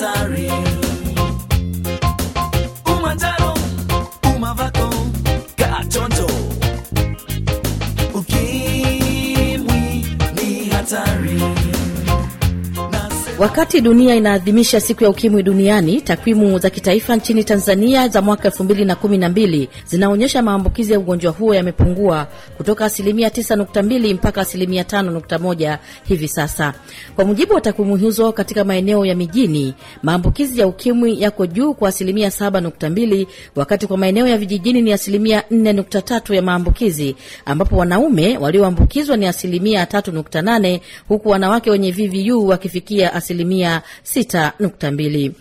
Atari. Wakati dunia inaadhimisha siku ya ukimwi duniani, takwimu za kitaifa nchini Tanzania za mwaka 2012 zinaonyesha maambukizi ya ugonjwa huo yamepungua kutoka asilimia 9.2 mpaka asilimia 5.1 hivi sasa. Kwa mujibu wa takwimu hizo, katika maeneo ya mijini maambukizi ya ukimwi yako juu kwa asilimia 7.2, wakati kwa maeneo ya vijijini ni asilimia 4.3 ya maambukizi, ambapo wanaume walioambukizwa ni asilimia 3.8, huku wanawake wenye VVU wakifikia asilimia 6.2.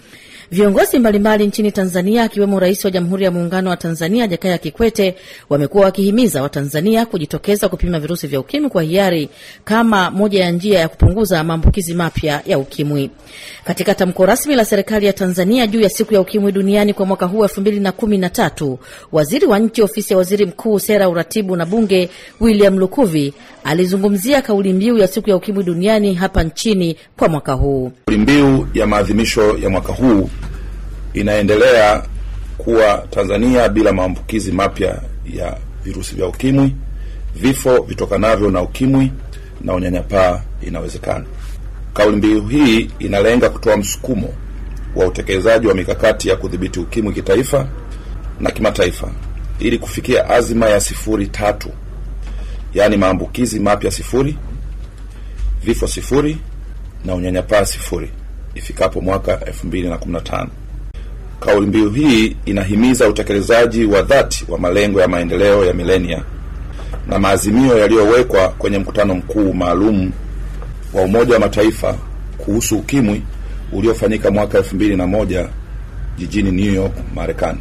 Viongozi mbalimbali nchini Tanzania akiwemo Rais wa Jamhuri ya Muungano wa Tanzania Jakaya Kikwete wamekuwa wakihimiza Watanzania kujitokeza kupima virusi vya ukimwi kwa hiari kama moja ya njia ya kupunguza maambukizi mapya ya ukimwi. Katika tamko rasmi la serikali ya Tanzania juu ya siku ya ukimwi duniani kwa mwaka huu elfu mbili na kumi na tatu, waziri wa nchi ofisi ya waziri mkuu, sera, uratibu na bunge, William Lukuvi alizungumzia kauli mbiu ya siku ya ukimwi duniani hapa nchini kwa mwaka huu. Kauli mbiu ya maadhimisho ya mwaka huu inaendelea kuwa Tanzania bila maambukizi mapya ya virusi vya ukimwi. Vifo vitokanavyo na ukimwi na unyanyapaa inawezekana. Kauli mbiu hii inalenga kutoa msukumo wa utekelezaji wa mikakati ya kudhibiti ukimwi kitaifa na kimataifa ili kufikia azima ya sifuri tatu, yaani maambukizi mapya sifuri, vifo sifuri na unyanyapaa sifuri ifikapo mwaka 2015. Kauli mbiu hii inahimiza utekelezaji wa dhati wa malengo ya maendeleo ya milenia na maazimio yaliyowekwa kwenye mkutano mkuu maalum wa Umoja wa Mataifa kuhusu ukimwi uliofanyika mwaka elfu mbili na moja jijini New York, Marekani.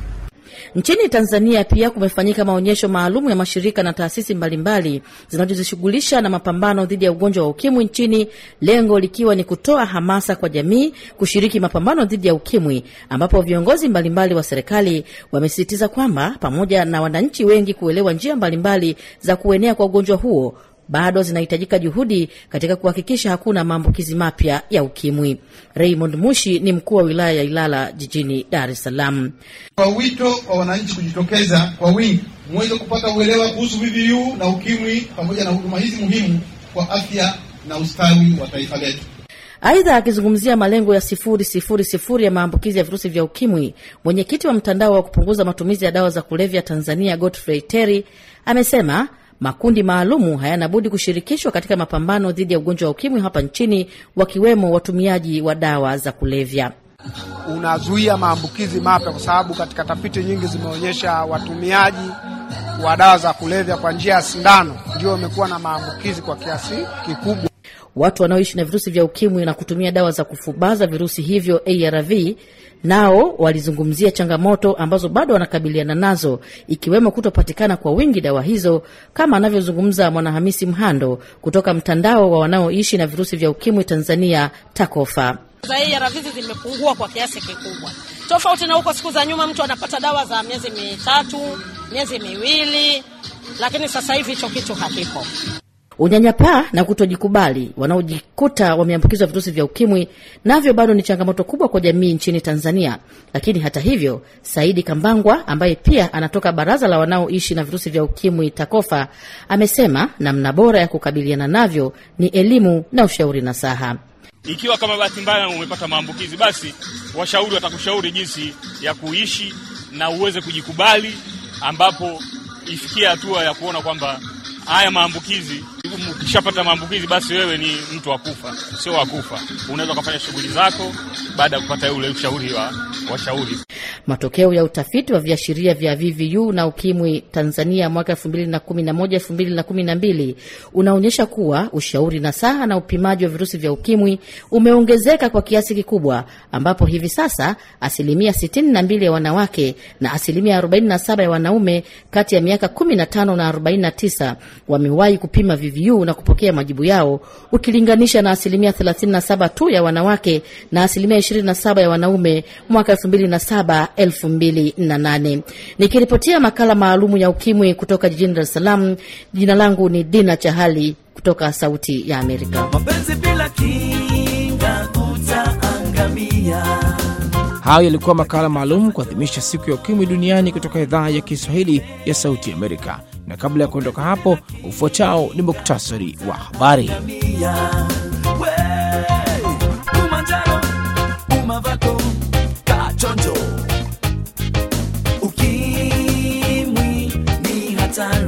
Nchini Tanzania pia kumefanyika maonyesho maalum ya mashirika na taasisi mbalimbali zinazojishughulisha na mapambano dhidi ya ugonjwa wa ukimwi nchini, lengo likiwa ni kutoa hamasa kwa jamii kushiriki mapambano dhidi ya ukimwi, ambapo viongozi mbalimbali wa serikali wamesisitiza kwamba pamoja na wananchi wengi kuelewa njia mbalimbali za kuenea kwa ugonjwa huo bado zinahitajika juhudi katika kuhakikisha hakuna maambukizi mapya ya ukimwi. Raymond Mushi ni mkuu wa wilaya ya Ilala jijini Dar es Salaam. Kwa wito wa wananchi kujitokeza kwa wingi, muweze kupata uelewa kuhusu VVU na ukimwi pamoja na huduma hizi muhimu kwa afya na ustawi wa taifa letu. Aidha, akizungumzia malengo ya sifuri sifuri sifuri ya maambukizi ya virusi vya ukimwi, mwenyekiti wa mtandao wa kupunguza matumizi ya dawa za kulevya Tanzania, Godfrey Terry, amesema Makundi maalumu hayana budi kushirikishwa katika mapambano dhidi ya ugonjwa wa ukimwi hapa nchini, wakiwemo watumiaji wa dawa za kulevya. Unazuia maambukizi mapya, kwa sababu katika tafiti nyingi zimeonyesha watumiaji wa dawa za kulevya kwa njia ya sindano ndio wamekuwa na maambukizi kwa kiasi kikubwa watu wanaoishi na virusi vya ukimwi na kutumia dawa za kufubaza virusi hivyo ARV, nao walizungumzia changamoto ambazo bado wanakabiliana nazo ikiwemo kutopatikana kwa wingi dawa hizo, kama anavyozungumza Mwanahamisi Mhando kutoka mtandao wa wanaoishi na virusi vya ukimwi Tanzania, TACOFA. zimepungua kwa kiasi kikubwa, tofauti na huko siku za nyuma, mtu anapata dawa za miezi mitatu, miezi miwili, lakini sasa hivi hicho kitu hakipo. Unyanyapaa na kutojikubali wanaojikuta wameambukizwa virusi vya ukimwi navyo bado ni changamoto kubwa kwa jamii nchini Tanzania. Lakini hata hivyo, Saidi Kambangwa ambaye pia anatoka baraza la wanaoishi na virusi vya ukimwi TAKOFA amesema namna bora ya kukabiliana navyo ni elimu na ushauri na saha Ikiwa kama bahati mbaya umepata maambukizi, basi washauri watakushauri jinsi ya kuishi na uweze kujikubali, ambapo ifikia hatua ya kuona kwamba haya maambukizi ukishapata maambukizi basi wewe ni mtu wakufa, sio wakufa. Unaweza ukafanya shughuli zako baada ya kupata ule ushauri wa washauri. Matokeo ya utafiti wa viashiria vya VVU na ukimwi Tanzania mwaka 2011-2012 unaonyesha kuwa ushauri na saha na upimaji wa virusi vya ukimwi umeongezeka kwa kiasi kikubwa, ambapo hivi sasa asilimia 62 ya wanawake na asilimia 47 ya wanaume kati ya miaka 15 na 49 wamewahi kupima VVU na kupokea majibu yao ukilinganisha na asilimia 37 tu ya wanawake na asilimia 27 ya wanaume mwaka 2007 2008. Nikiripotia makala maalumu ya ukimwi kutoka jijini dares es Salaam, jina langu ni Dina Chahali kutoka Sauti ya Amerika. Mapenzi bila kinga utaangamia. Hayo yalikuwa makala maalum kuadhimisha siku ya ukimwi duniani kutoka idhaa ya Kiswahili ya Sauti Amerika. Na kabla ya kuondoka hapo, ufuatao ni muktasari wa habari. time